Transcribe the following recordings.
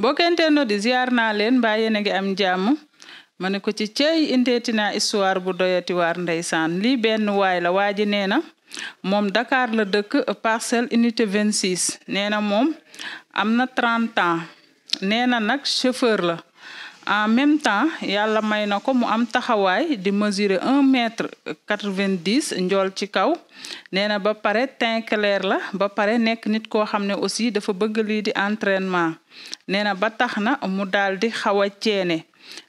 mbokkenteenno di ziyaar naa leen mbaa a ngi am jàmm ma ne ko ci cey indeeti naa histoire bu doyati waar ndeysaan lii benn waay la waa ji nee na moom Dakar la dëkk parcelle unité 26 nee na moom am na 30 ans nee na nag chauffeur la en même temps yàlla may na ko mu am taxawaay di mesurer un mètre quatre-vingt-dix njool ci kaw nee na ba pare teint la ba pare nekk nit koo xam ne aussi dafa bëgg lii di entraînement nee na ba tax na mu daal di xaw a ceene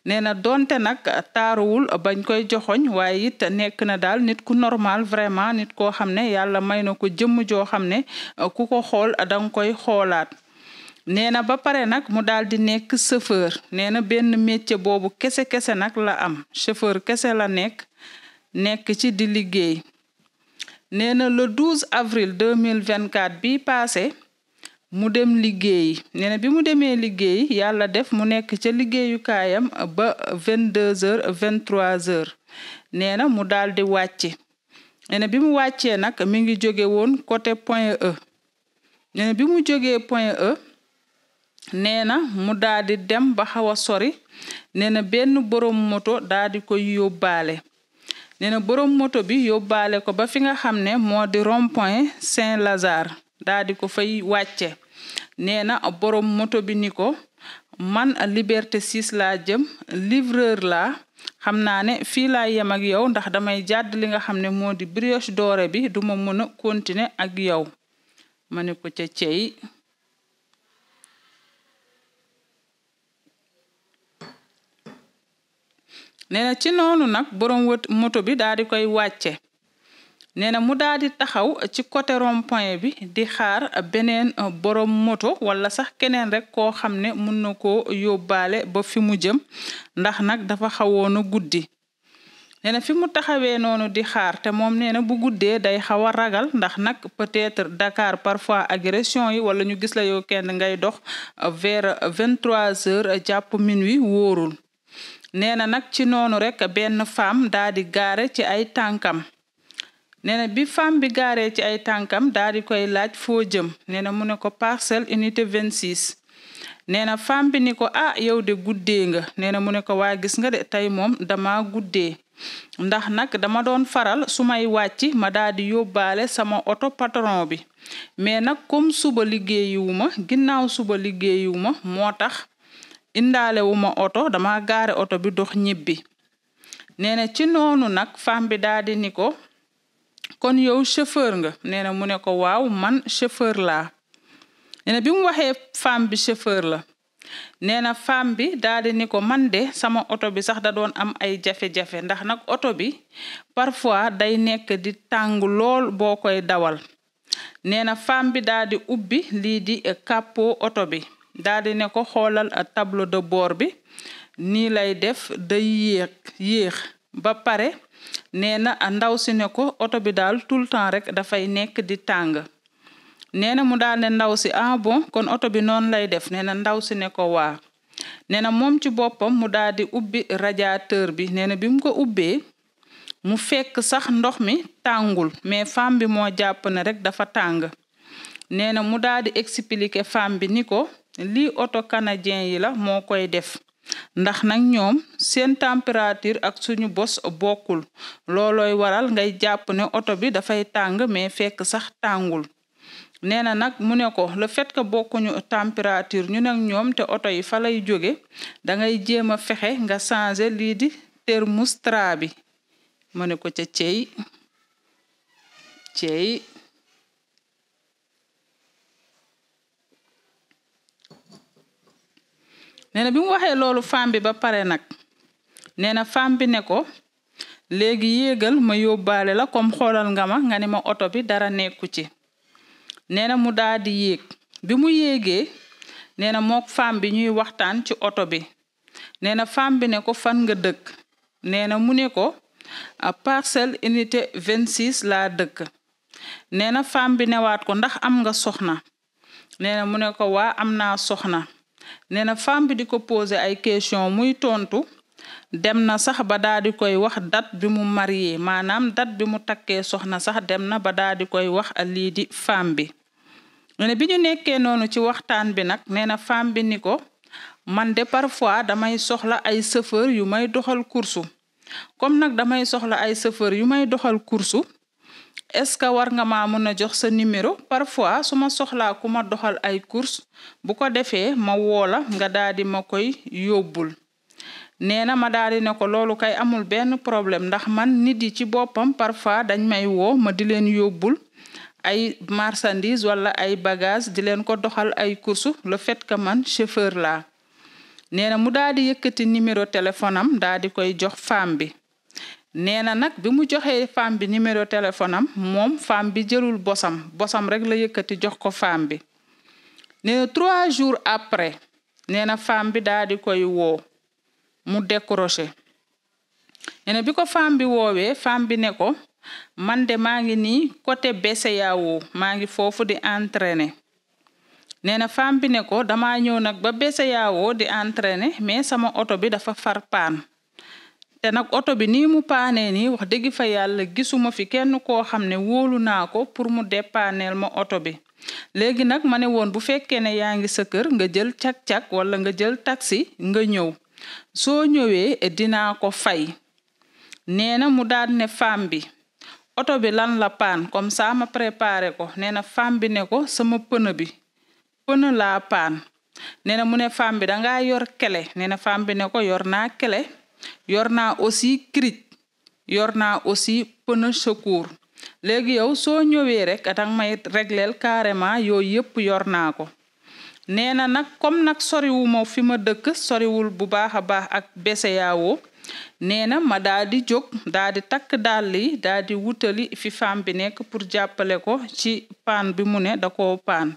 nee na donte nag taaruwul bañ koy joxoñ waaye it nekk na daal nit ku normal vraiment nit koo xam ne yàlla may na ko jëmm joo xam ne ku ko xool da koy xoolaat nee na ba pare nag mu daal di nekk chauffeur nee na benn métier boobu kese kese nag la am chauffeur kese la nekk nekk ci di liggéey nee na le 12 avril 2024 bi passé mu dem liggéeyi nee na bi mu demee liggéey yàlla def mu nekk ca liggéeyukaayam ba 22 heures 23 heures nee na mu daal di wàcce nee na bi mu wàccee nag mi ngi jóge woon côté point E nee na bi mu jógee point E nee na mu daal dem ba xaw a sori nee na benn borom moto daal di ko yóbbaale na borom moto bi yóbbaale ko ba fi nga xam ne moo di rond-point Saint-Lazare daal di ko fay wàcce nee na borom moto bi ni ko man Liberté 6 laa jëm livreur la xam naa ne fii laa yem ak yow ndax damay jàdd li nga xam ne moo di brioche dorée bi duma mën a continuer ak yow ma ne ko ca nee ci noonu nag borom moto bi daal di koy wàcce nee na mu daal di taxaw ci côté rond bi di xaar beneen euh, borom moto wala sax keneen rek koo xam ne mun na koo yóbbaale ba fi mu jëm ndax nag dafa xawoon guddi. nee na fi mu taxawee noonu di xaar te moom nee na bu guddee day xaw a ragal ndax nag peut-être Dakar parfois agression yi wala ñu gis la yow kenn ngay dox euh, vers vingt-trois heures jàpp minuit wóorul. nee na nag ci noonu rek benn femme daa di gaare ci ay tànkam nee bi femme bi gaaree ci ay tànkam daa di koy laaj foo jëm nee na mu ne ko parcelle unité 26 nee na femme bi ni ko ah yow de guddee nga nee na mu ne ko waa gis nga de tey moom dama guddee ndax nag dama doon faral su may wàcc ma daa di yóbbaale sama oto patron bi mais nag kom suba liggéeyuwuma ginnaaw suba liggéeyuwuma moo tax indaale wu ma oto dama gaare oto bi dox ñibbi nee na ci noonu nag femme bi daal di ko kon yow chauffeur nga nee na mu ne ko waaw man chauffeur laa nee na bi mu waxee femme bi chauffeur la nee na femme bi daal di ni ko man de sama oto bi sax da doon am ay jafe-jafe ndax nag oto bi parfois day nekk di tàng lool boo koy dawal nee na femme bi daal ubbi lii di capot oto bi daal di ne ko xoolal tableau de boor bi nii lay def day yéex yéex ba pare nee na ndaw si ne ko oto bi daal tout le temps rek dafay nekk di tàng nee na mu daal ne ndaw si ah bon kon oto bi noonu lay def nee na ndaw si ne ko waa nee na moom ci boppam mu daal di ubbi radiateur bi nee na bi mu ko ubbee mu fekk sax ndox mi tàngul mais femme bi moo jàpp ne rek dafa tàng nee na mu daldi di expliquer bi ni ko lii oto canadien yi la moo koy def ndax nag ñoom seen température ak suñu bos bokkul loolooy waral ngay jàpp ne oto bi dafay tàng mais fekk sax tàngul nee na nag mu ne ko le fait bokkuñu température ñu nag ñoom te oto yi fa lay jóge dangay jéem a fexe nga changer lii di thermostat bi mu ne ko ca cey cey nee na bi mu waxee loolu femme bi ba pare nag nee na femme bi ne ko léegi yéegal ma yóbbaale la comme xoolal nga ma nga ne ma oto bi dara nekku ci nee na mu daal di yéeg bi mu yéegee nee na mook femme bi ñuy waxtaan ci oto bi nee na femme ne ko fan nga dëkk nee na mu ne ko parcelle unité 26 laa dëkk nee na femme bi newaat ko ndax am nga soxna nee na mu ne ko waa am naa soxna nee na femme bi di ko poser ay question muy tontu dem na sax ba daa koy wax dat bi mu marié maanaam date bi mu takkee soxna sax dem na ba daa di koy wax lii di femme bi nee na bi ñu nekkee noonu ci waxtaan bi nag nee na femme bi ni ko man de parfois damay soxla ay chauffeur yu may doxal kursu comme nag damay soxla ay chauffeur yu may doxal kursu est-ce que war nga maa mën a jox sa numéro parfois su ma soxlaa ku ma doxal ay course bu ko defee ma woola nga daal di ma koy yóbbul nee na ma daal di ne ko loolu kay amul benn problème ndax man nit yi ci boppam parfois dañ may woo ma di leen yóbbul ay marchandise wala ay bagage di leen ko doxal ay course le fait que man chauffeur la nee na mu daal di yëkkati numéro téléphone daal di koy jox femme bi nee na nag bi mu joxee femme bi numéro téléphone moom femme bi jëlul bosam bosam rek la yëkkati jox ko femme bi nee na trois jours après nee na femme bi daa di koy woo mu décroché nee na bi ko femme bi woowee femme bi ne ko man de maa ngi nii côté BCEAO maa ngi foofu di entraîner nee na femme bi ne ko dama ñëw nag ba BCEAO di entraîner mais sama oto bi dafa far te nag oto bi nii mu paanee nii wax dëgg fa yàlla gisuma fi kenn koo xam ne wóolu naa ko pour mu dépaneel ma oto bi léegi nag ma ne woon bu fekkee ne yaa ngi sa kër nga jël cak-cak wala nga jël taxi nga ñëw soo ñëwee dinaa ko fay nee na mu daal ne femme bi oto bi lan la paan comme ça ma préparé ko nee na femme bi ne ko sama pneu bi pneu laa paan nee na mu ne femme bi dangaa yor kele nee na bi ne ko yor naa kele yor naa aussi cric yor naa aussi pneu secours léegi yow soo ñëwee rek danga may régleel carrément yooyu yëpp yor naa ko nee na nag comme nag soriwu ma dëkk soriwul bu baax a baax ak BCEAO nee ma daa di jóg daa di takk dàll yi daa wutali fi femme bi nekk pour jàppale ko ci paan bi mu ne da paan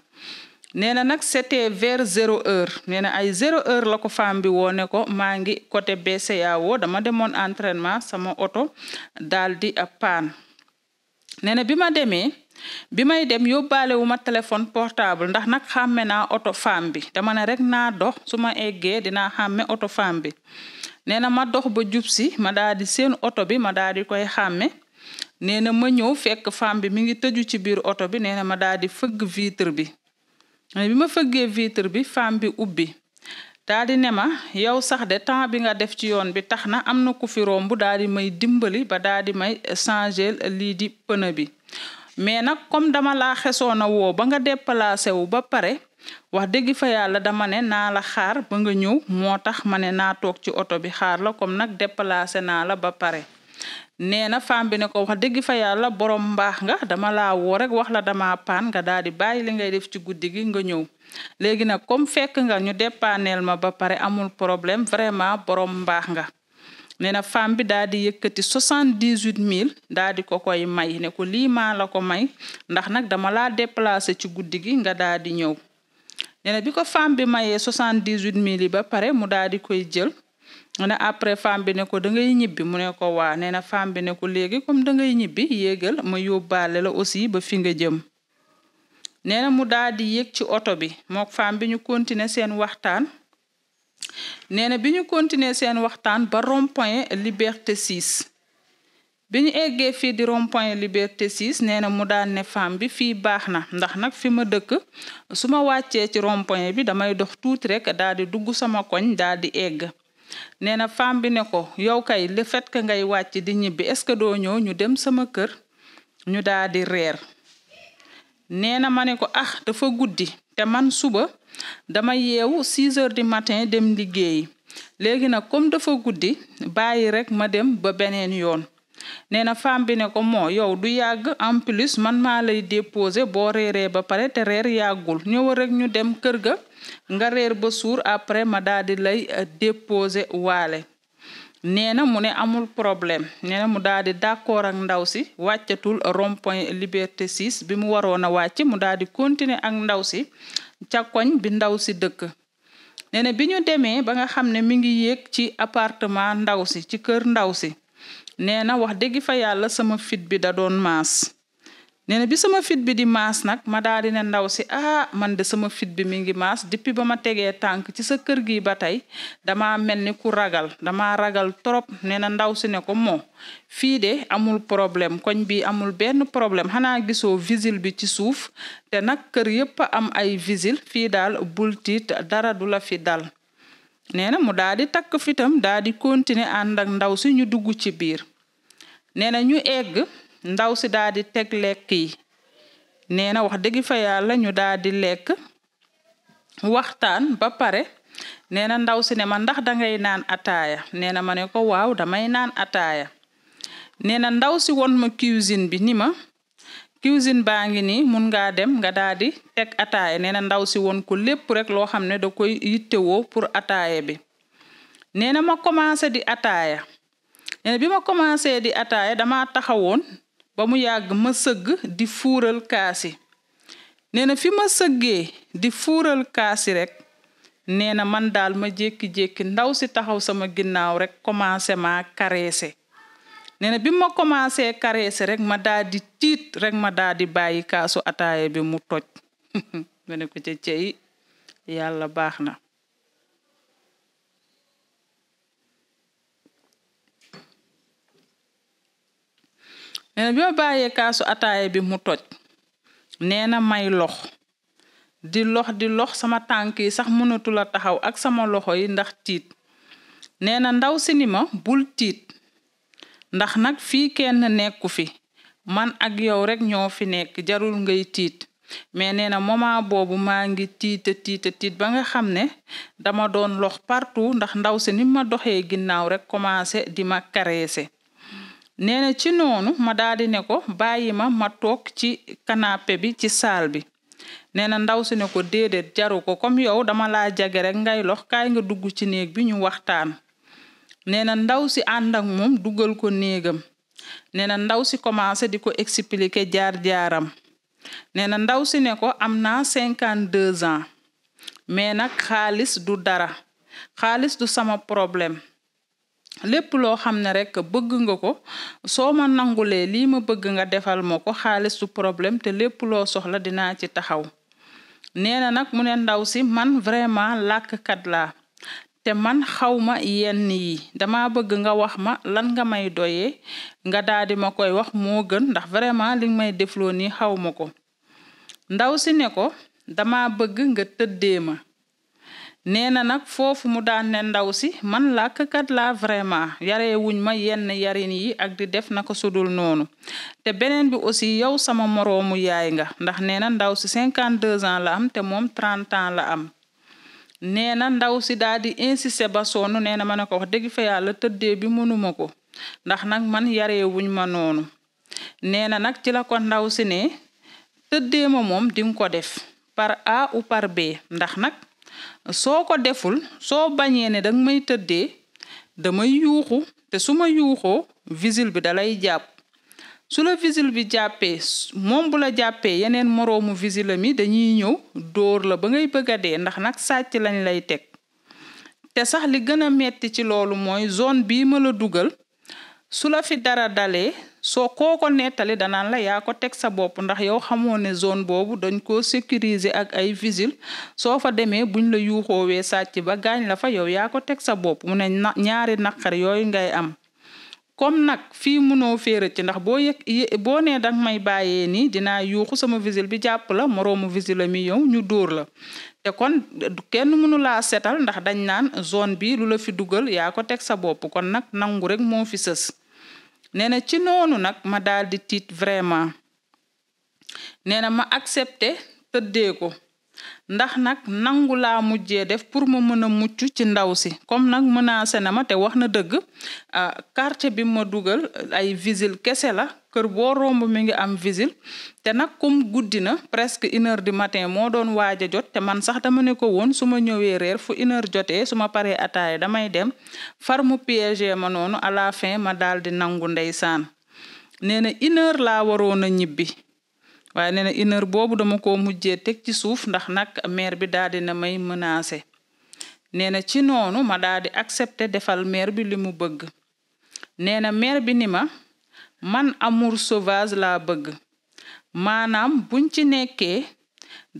nee na nag c'était vers zéro heure nee na ay zéro heure la ko femme bi woo ko maa ngi côté BCEAO dama demoon entraînement sama oto daldi di paan nee na bi ma demee bi may dem yóbbaale wu ma téléphone portable ndax nag xàmme naa oto femme bi dama ne rek naa dox su ma eggee dinaa xàmme oto femme bi nee na ma dox ba jub si ma daal di seen oto bi ma daal di koy xàmme nee na ma ñëw fekk femme bi mi ngi tëju ci biir oto bi nee na ma daal di fëgg vitre bi bi ma fëggee vitre bi femme bi ubbi daal di ne ma yow sax de temps bi nga def ci yoon bi tax na am na ku fi daal di may dimbali ba daal di may changer lii di pneu bi mais nag comme dama laa xesoon a woo ba nga déplacé wu ba pare wax dëgg fa yàlla dama ne naa la xaar ba nga ñëw moo tax ma ne naa ci oto bi xaar la comme nag déplacé naa la ba pare nee na femme bi ne ko wax dëgg fa yàlla borom mbaax nga dama laa woo rek wax la dama paan nga daal di bàyyi li ngay def ci guddi gi nga ñëw léegi nag comme fekk nga ñu dépaneel ma ba pare amul problème vraiment borom mbaax nga nee na femme bi daal di yëkkati soixante-dix-huit mille daal di ko koy may ne ko lii maa la ko may ndax nag dama laa déplacé ci guddi gi nga daal di ñëw nee na bi ko femme mayee soixante-dix-huit mille yi ba pare mu daal di koy jël mu ne après femme bi ne ko dangay ñibbi mu ne ko waa nee na femme bi ne ko léegi comme da ngay ñibbi yéegal ma yóbbaale la aussi ba fi nga jëm nee na mu dal di yéeg ci oto bi mook femme bi ñu continuer seen waxtaan nee na bi ñu continuer seen waxtaan ba rond Liberté 6 bi ñu eggee fi di rond-point Liberté 6 nee na mu daan ne femme bi fii baax na ndax nag fi ma dëkk su ma wàccee ci rond bi damay dox tuuti rek daal di dugg sama koñ daal di egg nee na femme ne ko yow kay le ngay wàcc di ñibbi est-ce que doo ñu dem sama kër ñu daal di reer nee na ma ne ko ah dafa guddi te man suba dama yeewu 6 heures du matin dem liggéeyi léegi nag comme dafa guddi bàyyi rek ma dem ba beneen yoon nee na femme ne ko moo yow du yàgg en plus man maa lay déposer boo reeree ba pare te reer yàggul ñëw rek ñu dem kër ga nga reer ba suur après ma daal lay euh, déposer waale nee na mu ne amul problème nee na mu daal di d'accord ak ndaw si wàccatul rond point liberté 6 bi mu waroon a wàcc mu daal di continuer ak ndaw si ca bi ndaw si dëkk nee na bi ñu demee ba nga xam ne mi ngi yéeg ci appartement ndaw si ci kër ndaw si nee wax dëgg fa yàlla sama fit bi da doon maas nee bi sama fit bi di maas nag ma daal di ne ndaw si ah man de sama fit bi mi ngi maas depuis ba ma tegee tànk ci sa kër gi ba tey dama mel ni ku ragal dama ragal trop nee na ndaw si ne ko moo fii de amul problème koñ bi amul benn problème xanaa gisoo vigile bi ci suuf te nag kër yépp am ay vigile fii daal bul dara du la fi dal nee na mu daal di takk fitam daal di continuer ànd ak ndaw si ñu dugg ci biir nee ñu egg ndaw si daal teg lekk yi nee na wax dëgg fa yàlla ñu daal di lekk waxtaan ba pare nee na ndaw si ne ma ndax dangay naan ataaya nee na ma ne ko waaw damay naan ataaya nee na ndaw si won ma cuisine bi ni ma cuisine baa ngi nii mun ngaa dem nga daal teg ataaya nee na ndaw si won ko lépp rek loo xam ne da koy yittewoo pour ataaya bi nee na ma commencé di ataaya nee bi ma commencé di ataaya dama taxawoon ba mu yàgg ma sëgg di fuural kaasi nee na fi ma sëggee di fuural kaasi rek nee na man daal ma jékki-jékki ndaw si taxaw sama ginnaaw rek commencé ma caresser nee bi ma commencé caresser rek ma daal di rek ma daal di bàyyi kaasu ataaya bi mu toj ma ko ca cey yàlla baax na nee na bi ma bàyyee kaasu ataaya bi mu toj nee na may lox di lox di lox sama tànk yi sax mënatul a taxaw ak sama loxo yi ndax tiit nee na ndaw si ni ma bul tiit ndax nag fii kenn nekku fi man ak yow rek ñoo fi nekk jarul ngay tiit mais nee na moment boobu maa ngi tiita tiita tiit ba nga xam ne dama doon lox partout ndax ndaw si ni ma doxee ginnaaw rek commencé di ma caresser nee na ci noonu ma daldi ne ko bàyyi ma ma toog ci canapé bi ci saal bi nee na ndaw si ne ko déedéet jaru ko comme yow dama laa jage rek ngay lox kaay nga dugg ci néeg bi ñu waxtaan nee na ndaw si ànd ak moom dugal ko néegam nee na ndaw si commencé di ko expliquer jaar-jaaram nee na ndaw si ne ko am naa cinquante deux ans mais nag xaalis du dara xaalis du sama problème lépp loo xam ne rek bëgg nga ko soo ma nangulee lii ma bëgg nga defal ma ko xaalis du problème te lépp loo soxla dinaa ci taxaw nee na nag mu ne ndaw si man vraiment làkkat la te man xaw ma yenn yi dama bëgg nga wax ma lan nga may doye nga daal ma koy wax moo gën ndax vraiment li may defloo nii xaw ma ko ndaw si ne ko dama bëgg nga tëddee ma nee na nag foofu mu daan ne ndaw si man làkkat la vraiment yaree wuñ ma yenn yarin yi ak di def naka sudul noonu te beneen bi aussi yow sama moroomu yaay nga ndax nee na ndaw si cinquante deux ans la am te moom trent ans la am nee na ndaw si daal di insister ba sonn nee na ma ne ko wax fa yàlla tëddee bi mënuma ko ndax nag man yaree wuñ ma noonu nee na nag ci la ko ndaw si ne tëddee ma moom di ko def par A ou par B ndax nag soo ko deful soo bañee ne danga may tëddee damay yuuxu te su ma yuuxoo vigile bi dalay jàpp su la vigile bi jàppee moom bu la jàppee yeneen moroomu vigile mi dañuy ñëw dóor la ba ngay bëgg a dee ndax nag sàcc lañ lay teg te sax li gën a metti ci loolu mooy zone bii ma la dugal su la fi dara dalee soo koo ko nettali danaan la yaa ko teg sa bopp ndax yow xamoo ne zone boobu dañ koo sécuriser ak ay vigile soo fa demee buñ la yuuxoowee sàcc ba gaañ la fa yow yaa ko teg sa bopp mu ne ñaari naqar yooyu ngay am comme nag fi munoo féera ci ndax boo yëg boo nee danga may bàyyee nii dinaa yuuxu sama visile bi jàpp la moroomu visile mi yow ñu dóor la te kon kenn mënu laa setal ndax dañ naan zone bi lu la fi dugal yaa ko teg sa bopp kon nag nangu rek moo fi sës nee na ci noonu nag ma daal di tiit vraiment nee na ma accepté tëddee ko ndax nag nangu laa mujjee def pour ma mën a mucc ci ndaw si comme nag menacé na ma te wax na dëgg euh, quartier bi ma dugal euh, ay visile kese la kër boo romb mi ngi am visile te nag comme guddi na presque une du matin moo doon waaj a jot te man sax dama ne ko woon su ma ñëwee réer fu une heure jotee su ma paree ataaya damay dem far mu piégé ma noonu à fin ma dal di nangu ndeysaan nee na une heure laa waroon a ñibbi. waaye nee na une boobu dama ko mujjee teg ci suuf ndax nag maire bi daal na may menacé nee na ci noonu ma daal di accepté defal meer bi li mu bëgg nee na maire bi ni ma man amour sauvage la bëgg maanaam buñ ci nekkee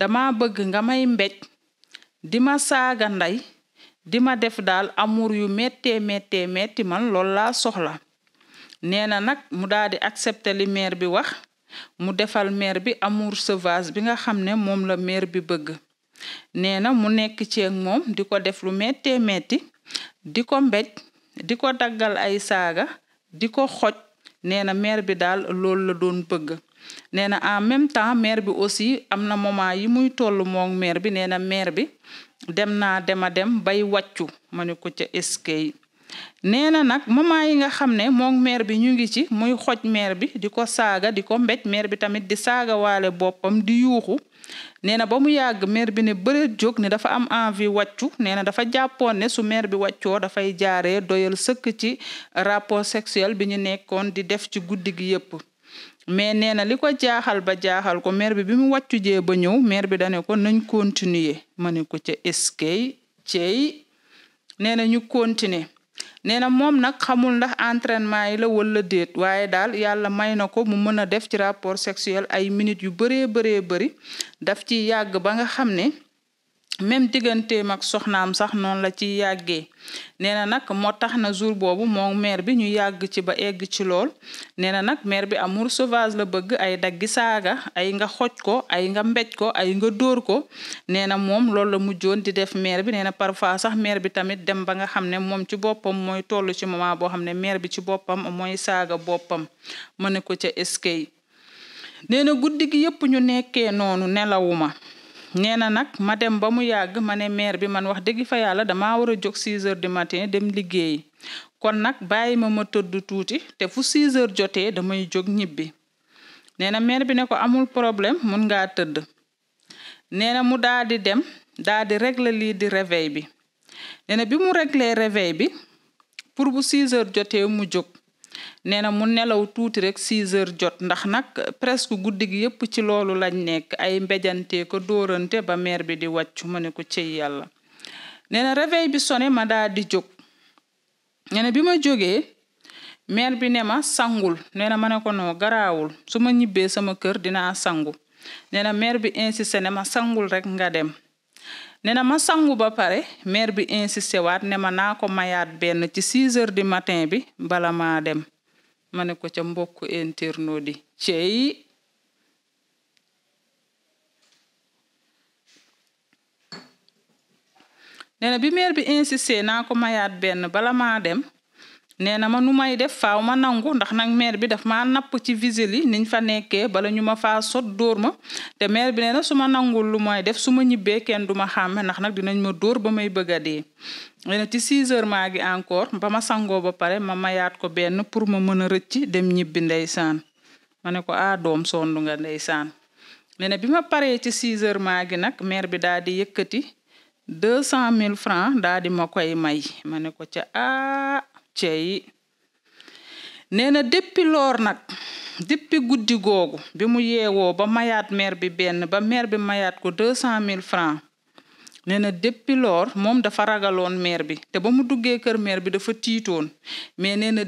dama bëgg nga may mbéj di ma saaga ndey di ma def daal amur yu méttee méttee métti man loolu laa soxla nee na nag mu daal di accepté li maire bi wax mu defal mair bi amour sauvage bi nga xam ne moom la mair bi bëgg nee na mu nekk ci ak moom di ko def lu mettee metti di ko mbéj di ko daggal ay saaga di ko xoj nee na maire bi daal loolu la doon bëgg nee na en même temps bi aussi am na moment yi muy toll moom maire bi nee na maire bi dem naa dema dem bay wàccu ma ne ko nee na nag moment yi nga xam ne moom maire bi ñu ngi ci muy xoj maire bi di ko saaga di ko mbéj maire bi tamit di saaga waale boppam di yuuxu nee na ba mu yàgg maire bi ne bëreet jóg ne dafa am envie wàccu nee na dafa jàppoon ne su bi wàccoo dafay jaaree doyal sëkk ci rapport sexuel bi ñu nekkoon di def ci guddi gi yépp mais nee na li ko jaaxal ba jaaxal ko maire bi bi mu wàccu jee ba ñëw maire bi dane ko nañ continuer ma ne ko ca eskay cey nee na ñu continuer nee na moom nag xamul ndax entraînement yi la wala déet waaye daal yàlla may na ko mu mën a def ci rapport sexuel ay minutes yu bëree bëree bëri daf ci yàgg ba nga xam ne même digganteem mak soxnaam sax noonu la ci yàggee nee na nag moo tax na jour boobu moom maire bi ñu yàgg ci ba egg ci lool nee na nag maire bi amour sauvage la bëgg ay daggi saaga ay nga xoj ko ay nga mbéj ko ay nga dóor ko nee na moom loolu la mujjoon di def maire bi nee na parfois sax maire bi tamit dem ba nga xam ne moom ci boppam mooy toll ci moment boo xam ne maire bi ci boppam mooy saaga boppam ma ne ko ca eskay nee na guddi gi yëpp ñu nekkee noonu nelawuma nee na nag ma dem ba mu yàgg ma ne maire bi man wax dëgg fa yàlla dama war a jóg 6 heures du matin dem liggéey kon nag bàyyi ma ma tëdd tuuti te fu 6 heures jotee damay jóg ñibbi nee na maire bi ne ko amul problème mun ngaa tëdd nee na mu daal dem daal di régler lii di réveil bi nee bi mu régler réveil bi pour bu 6 heures jotee mu jog nee na mu nelaw tuuti rek 6 heures jot ndax nag presque guddi gi ci loolu lañ nekk ay mbéjante ko dóorante ba mère bi di wàccu ma ne ko cëy yàlla nee na réveil bi sone ma daa di jog nee na bi ma jógee mère bi ne ma sangul nee na ma ne ko noo garaawul su ma ñibbee sama kër dinaa sangu nee na mère bi insisté ne ma sangul rek nga dem nee na ma sangu ba pare maire bi insisté waat ne ma naa ko mayaat benn ci six heures du matin bi bala maa dem ma ne ko ca mbokku internaute di cey nee na bi maire bi insisté naa ko mayaat benn bala maa dem nee na ma nu may def faaw ma nangu ndax nag maire bi def ma napp ci visile yi niñ fa nekkee bala ñu ma faa sot dóor ma te maire bi nee na su ma nangul lu may def su ma ñibbee kenn du ma xàmme ndax nag dinañ ma dóor ba may bëgg a dee nee na ci 6 heures maa encore ba ma sangoo ba pare ma mayaat ko benn pour ma mën a rëcc dem ñibbi ndeysaan ma ne ko ah doom sondu nga ndeysaan nee na bi ma paree ci 6 heures maa ngi nag maire bi daal di yëkkati cent mille francs daal di ma koy may ma ne ko ca ah cey nee na loor nag déppi guddi googu bi mu yeewoo ba mayaat meer bi benn ba meer bi mayaat ko deux cent mille francs nee na déppi loor moom dafa ragaloon meer bi te bamu duggee kër meer bi dafa tiitoon mais nee na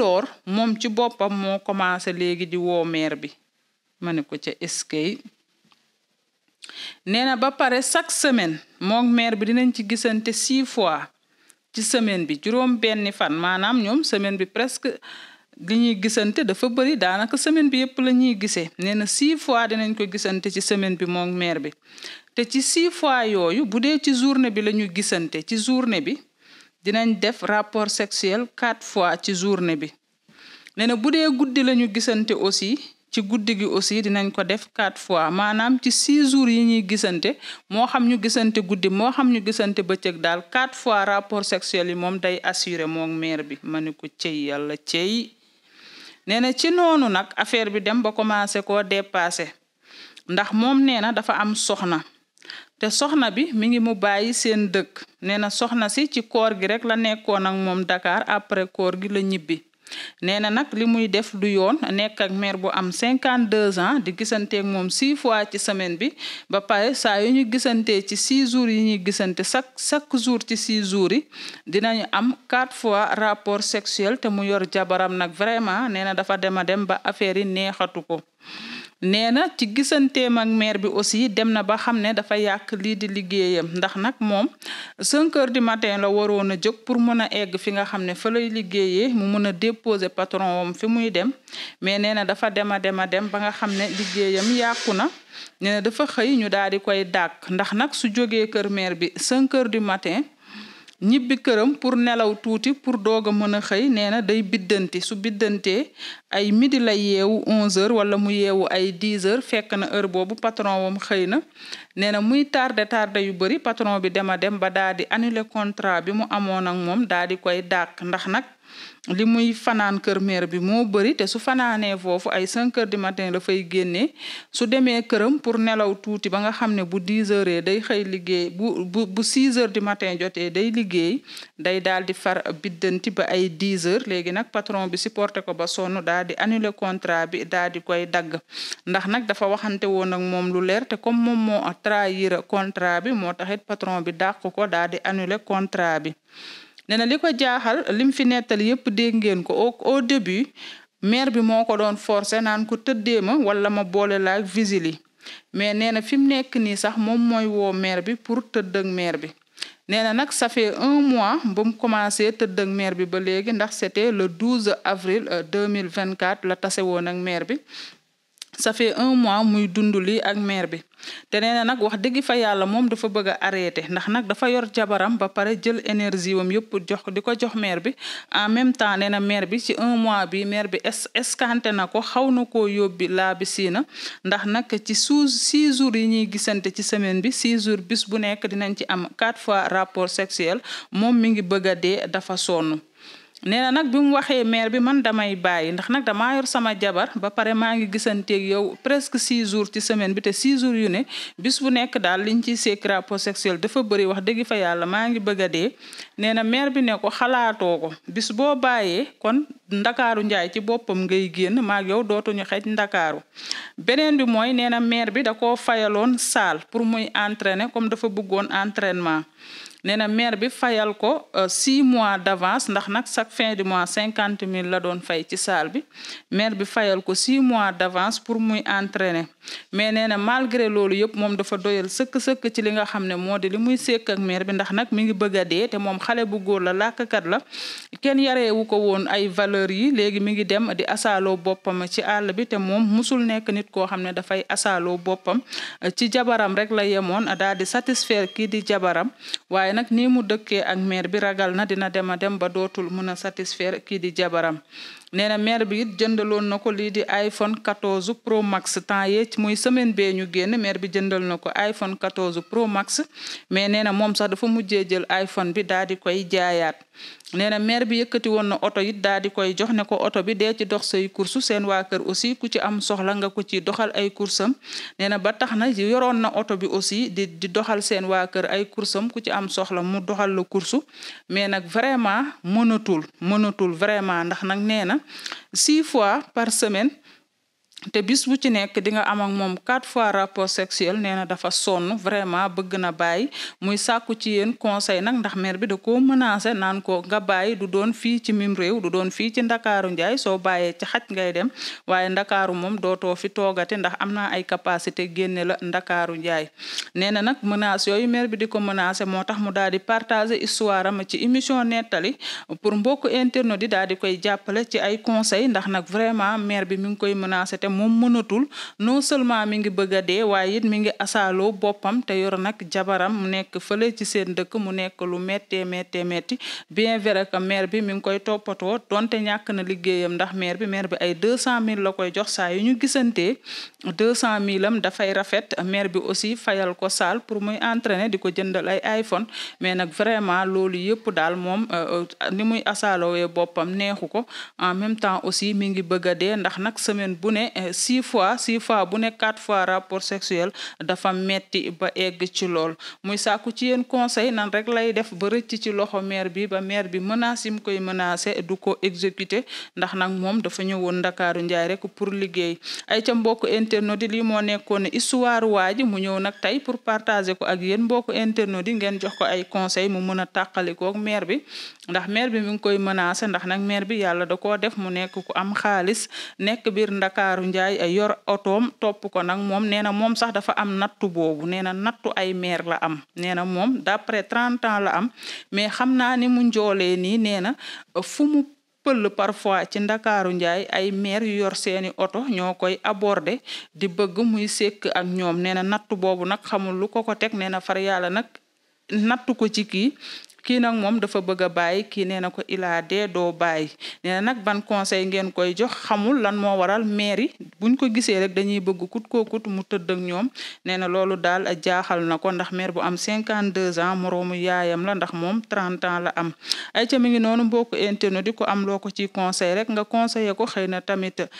loor moom ci boppam moo commencé léegi di woo meer bi ma ne ko ca eskay nee na ba pare chaque semaine moom meer bi dinañ ci gisante six fois ci semaine bi juróom benni fan maanaam ñoom semaine bi presque li ñuy gisante dafa bëri daanaka semaine bi yëpp la ñuy gisee nee na six fois de nañ ko gisante ci semaine bi moom maire bi te ci six fois yooyu bu dee ci journée bi la ñu gisante ci journée bi dinañ def rapport sexuel quatre fois ci journée bi nee na guddi la gisante aussi ci guddi gi aussi dinañ ko def quatre fois maanaam ci six jours yi ñuy gisante moo xam ñu gisante guddi moo xam ñu gisante bëccëg daal quatre fois rapport sexuel yi moom day assuré moom mère bi ma ne ko ci yàlla cëy nee na ci noonu nag affaire bi dem ba commencé koo dépassé ndax moom nee na dafa am soxna te soxna bi mi ngi mu bàyyi seen dëkk nee na soxna si ci koor gi rek la nekkoon ak moom Dakar après koor gi la ñibbi nee na nag li muy def du yoon nekk ak maire bu am 52 ans di gisanteek moom 6 fois ci semaine bi ba pare saa yu gisantee ci 6 jours yi ñuy gisante chaque chaque jour ci 6 jours yi dinañu am 4 fois rapport sexuel te mu yor jabaram nag vraiment nee na dafa dem a dem ba affaire yi neexatu ko. nee na ci gisanteem ak maire bi aussi dem na ba xam ne dafa yàq lii di liggéeyam ndax nag moom cinq heures du matin la waroon a jóg pour mën a egg fi nga xam ne fa lay liggéeyee mu mën a déposer patron wam fi muy dem mais nee na dafa dem a dem a dem ba nga xam ne liggéeyam yàqu na nee na dafa xëy ñu daal di koy dàkk ndax nag su jógee kër maire bi cinq heures du matin ñibbi këram pour nelaw tuuti pour doog a mën a xëy nee na day biddanti su biddantee ay midi la yeewu 11 wala mu yeewu ay 10h fekk na heure boobu patron wam xëy na nee na muy tardé tardé yu bëri patron bi dema dem ba daa di annuler contrat bi mu amoon ak moom daa di koy dàq ndax nag. li muy fanaan kër maire bi moo bëri te su fanaanee foofu ay 5 heures du matin dafay génnee su demee këram pour nelaw tuuti ba nga xam ne bu 10 heures day xëy liggéey bu bu bu 6 heures du matin jotee day liggéey day daal di far biddanti ba ay 10 heures léegi nag patron bi supporté ko ba sonn daal di annuler contrat bi daal di koy dagg ndax nag dafa waxante woon ak moom lu leer te comme moom moo trahir contrat bi moo taxit patron bi dàq ko daal di annuler contrat bi. nee na li ko jaaxal lim fi nettali yëpp dégg ngeen ko au au début maire bi moo ko doon forcer naan ko tëddee ma wala ma boole la ak yi mais nee na fi mu nekk nii sax moom mooy woo maire bi pour tëdd ak maire bi. nee na nag ça un mois ba mu commencé tëdd ak maire bi ba léegi ndax c'était le 12 avril 2024 euh, la tase woon ak maire bi ça un mois muy dund lii ak maire bi. te nee nag wax dëgg fa yàlla moom dafa bëgg a arrêté ndax nag dafa yor jabaram ba pare jël énergie wam yëpp jox di ko jox maire bi en même temps nee na maire bi ci un mois bi maire bi es na ko xaw na koo yóbbi laa bi siina ndax nag ci sous six jours yi ñuy gisante ci semaine bi six jours bis bu nekk dinañ ci am quatre fois rapport sexuel moom mi ngi bëgg a dee dafa sonn nee na nag bi mu waxee maire bi man damay bàyyi ndax nag damaa yor sama jabar ba pare maa ngi gisanteeg yow presque six jours ci semaine bi te six jours yu ne bis bu nekk daal liñ ciy seek rapport sexuel dafa bëri wax dëgg fa yàlla maa ngi bëgg a dee nee na maire bi ne ko xalaatoo ko bis boo bàyyee kon ndakaaru njaay ci boppam ngay génn maak yow dootuñu xej ndakaaru beneen bi mooy nee na maire bi da koo fayaloon salle pour muy entraîner comme dafa bëggoon entraînement nee na maire bi fayal ko euh, six mois d'avance ndax nag chaque fin du mois cinquante mille la doon fay ci salle bi maire bi fayal ko six mois d'avance pour muy entre entraîner. mais nee na malgré loolu yëpp moom dafa doyal sëkk-sëkk ci li nga xam ne moo di li muy sekk ak maire bi ndax nag mi ngi bëgg a dee te moom xale bu góor la làkkat la kenn yareewu ko woon ay valeur yi léegi mi ngi dem di asaaloo boppam ci àll bi te moom musul nekk nit koo xam ne dafay asaaloo boppam ci jabaram rek la yemoon daal di satisfaire kii di jabaram waaye nag nii mu dëkkee ak maire bi ragal na dina dem a dem ba dootul mën a satisfaire kii di jabaram nee na maire bi it jëndaloon na ko lii di iPhone 14 Pro Max temps yee muy semaine bee ñu génn maire bi jëndal na ko iPhone 14 Pro Max mais nee na moom sax dafa mujjee jël iPhone bi daal di koy jaayaat. nee na maire bi yëkkati woon na oto it daa di koy jox ne ko oto bi dee ci dox say course seen waa kër aussi ku ci am soxla nga ko ci doxal ay course am nee na ba tax na yoroon na oto bi aussi di di doxal seen waa kër ay course am ku ci am soxla mu doxal la course mais nag vraiment mënatul mënatul vraiment ndax nag nee na six fois par semaine te bis bu ci nekk di nga am ak moom quatre fois rapport sexuel nee na dafa sonn vraiment bëgg na bàyyi muy sàkku ci yéen conseil nag ndax maire bi da koo menacé naan ko nga bàyyi du doon fii ci mim réew du doon fii ci ndakaaru njaay soo bàyyee ci xaj ngay dem waaye ndakaaru moom dootoo fi toogate ndax am naa ay capacité génne la ndakaaru njaay nee na nag menace yooyu maire bi di ko menacé moo tax mu daal di partager histoire ma ci émission nettali pour mbokk internet di daal koy jàppale ci ay conseil ndax moom mënatul non seulement mi ngi bëgg a dee waaye it mi ngi asaaloo boppam te yor nag jabaram mu nekk fële ci seen dëkk mu nekk lu méttee méttee métti bien vrai que maire bi mi ngi koy toppatoo tonte ñàkk na liggéeyam ndax mair bi maire bi ay deux cent mille la koy jox saa yu ñu gisantee deux cent mille am dafay rafet maire bi aussi fayal ko sal pour muy entraîner di ko jëndal ay iPhone mais nag vraiment loolu yëpp daal moom euh, euh, ni muy asaalowee boppam neexu ko en même aussi mi Eh, six fois six fois bu ne quatre fois rapport sexuel dafa metti ba egg ci lool muy sàkku ci yéen conseil nan rek lay def ba ci loxo maire bi ba maire bi menace yi mu koy menacé du ko exécuté ndax nag moom dafa ñëwoon ndakaaru njaay rek pour liggéey ay ca mbokk internautes yi lii moo nekkoon histoire waa ji mu ñëw nag tey pour partager ko ak yéen mbokk internautes yi ngeen jox ko ay conseil mu mën a tàqalikook maire bi ndax maire bi mi koy menacé ndax nag maire bi yàlla da a eh, yor otoom topp ko nag moom nee na moom sax dafa am nattu boobu nee na nattu ay maire la am nee na moom d'après trente ans la am mais xam naa ni mu njoolee nii nee na eh, fu mu pël parfois ci ndakaaru njaay ay maire yu yor seeni oto ñoo koy aborder di bëgg muy sekk ak ñoom nee na nattu boobu nag xamul lu ko ko teg nee na far nag nattu ko ci kii nag moom dafa bëgg a bàyyi kii nee na ko ilaa dee doo bàyyi nee nag ban conseil ngeen koy jox xamul lan moo waral maire yi buñ ko gisee rek dañuy bëgg kut koo kut mu tëdd ak ñoom nee na loolu daal jaaxal na ko ndax mair bu am cinquante 52 ans moroomu yaayam la ndax moom 30 ans la am ay ca mi ngi noonu mbokk internet di ko am loo ko ci conseil rek nga conseiller ko xëy na tamit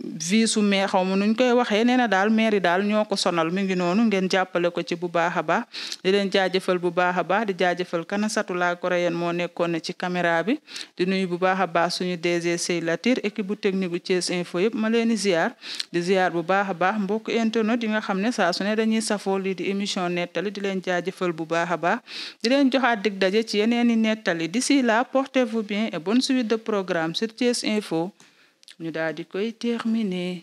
vie su maire xaw ma nuñ koy waxee nee na daal maire yi daal ñoo ko sonal mi ngi noonu ngeen ko ci bu baax a baax di leen jaajëfal bu baax a baax di jaajëfal Kanasatou la Coréenne moo nekkoon ci caméra bi di nuyu bu baax a baax suñu DG Sey Latir bu technique bu Thiès Info yëpp ma leen di ziar di ziar bu baax a baax mbokk internet yi nga xam ne saa su ne dañuy safoo lii di émission nettali di leen jaajëfal bu baax a baax di leen joxaat dig daje ci yeneeni nettali d'ici là portez-vous bien et bonne suite de programme sur Thiès Info ñu daal di koy terminer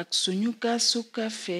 ak suñu kaasu café